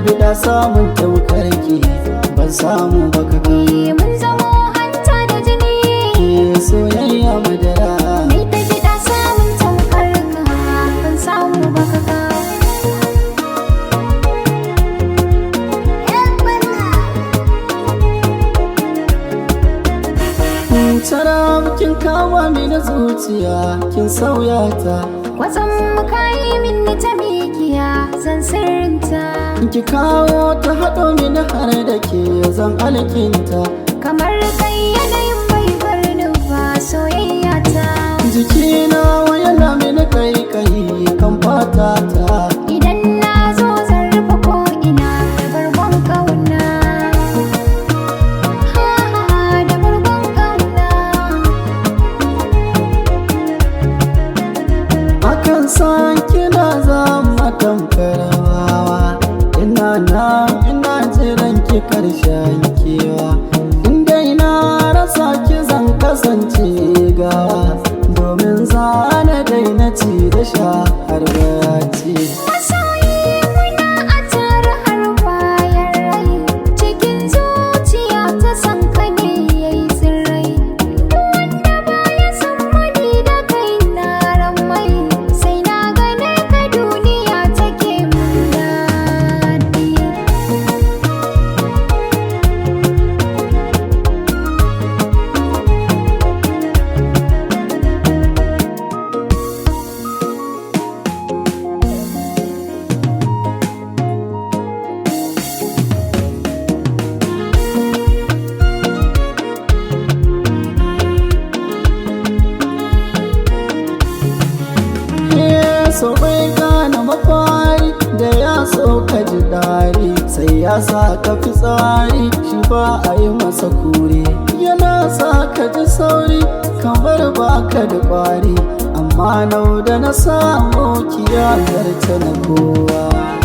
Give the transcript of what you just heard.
ta da samun kyaukar ki ban samu ba ka eh, mun zamo hanta da jini ke eh, soyayya madara ni ta bida samun tamkar ka ban samu ba ka ka eh, Tara kin ni na zuciya kin sauya ta. Wasan ka min min ta mikiya zan sirrinta. ki kawo ta haɗo mini har da ke zan alkinta kamar kai yanayin bai bar ba soyayya ta jikina na mini kai kai kan fata ta idan na zo zan rufe ko ina da barbon kauna da barbon kauna akan sa ki karshe kewa inda ina rasa ki zan kasance gawa so bai gane mafari da ya so ka ji dare sai ya sa ka fi tsari shi ba a yi masa kure yana sa ka ji sauri kamar ba ka da kwari amma nau da na samu kiyar ta na kowa